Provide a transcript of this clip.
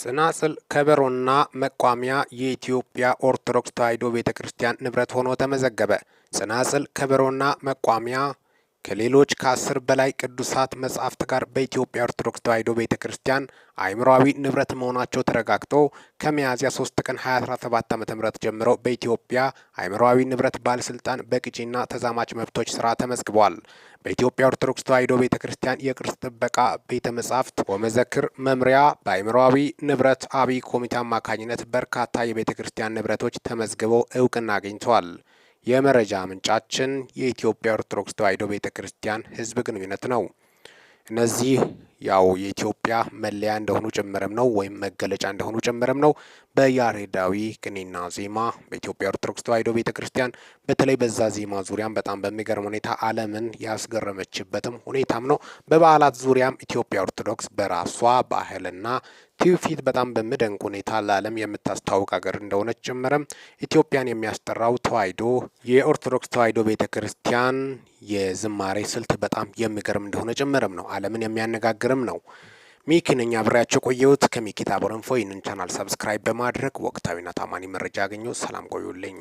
ጽናጽል ከበሮና መቋሚያ የኢትዮጵያ ኦርቶዶክስ ተዋሕዶ ቤተ ክርስቲያን ንብረት ሆኖ ተመዘገበ። ጽናጽል ከበሮና መቋሚያ ከሌሎች ከአስር በላይ ቅዱሳት መጻሕፍት ጋር በኢትዮጵያ ኦርቶዶክስ ተዋሕዶ ቤተ ክርስቲያን አእምሯዊ ንብረት መሆናቸው ተረጋግጦ ከሚያዝያ 3 ቀን 2017 ዓ ም ጀምሮ በኢትዮጵያ አእምሯዊ ንብረት ባለስልጣን በቅጂና ተዛማች መብቶች ስራ ተመዝግቧል። በኢትዮጵያ ኦርቶዶክስ ተዋሕዶ ቤተ ክርስቲያን የቅርስ ጥበቃ ቤተ መጻሕፍት ወመዘክር መምሪያ በአእምሯዊ ንብረት አብይ ኮሚቴ አማካኝነት በርካታ የቤተ ክርስቲያን ንብረቶች ተመዝግበው እውቅና አግኝተዋል። የመረጃ ምንጫችን የኢትዮጵያ ኦርቶዶክስ ተዋሕዶ ቤተ ክርስቲያን ሕዝብ ግንኙነት ነው። እነዚህ ያው የኢትዮጵያ መለያ እንደሆኑ ጭምርም ነው ወይም መገለጫ እንደሆኑ ጭምርም ነው። በያሬዳዊ ቅኔና ዜማ በኢትዮጵያ ኦርቶዶክስ ተዋሕዶ ቤተ ክርስቲያን በተለይ በዛ ዜማ ዙሪያም በጣም በሚገርም ሁኔታ ዓለምን ያስገረመችበትም ሁኔታም ነው። በበዓላት ዙሪያም ኢትዮጵያ ኦርቶዶክስ በራሷ ባህልና ትውፊት በጣም በሚደንቅ ሁኔታ ለዓለም የምታስተዋውቅ ሀገር እንደሆነች ጭምርም ኢትዮጵያን የሚያስጠራው ተዋሕዶ የኦርቶዶክስ ተዋሕዶ ቤተ ክርስቲያን የዝማሬ ስልት በጣም የሚገርም እንደሆነ ጭምርም ነው ዓለምን የሚያነጋግር ንግግርም ነው። ሚኪ ነኝ፣ አብሬያቸው ቆየሁት። ከሚኪ ታቦረንፎ ይህንን ቻናል ሰብስክራይብ በማድረግ ወቅታዊና ታማኒ መረጃ ያገኘው። ሰላም ቆዩልኝ።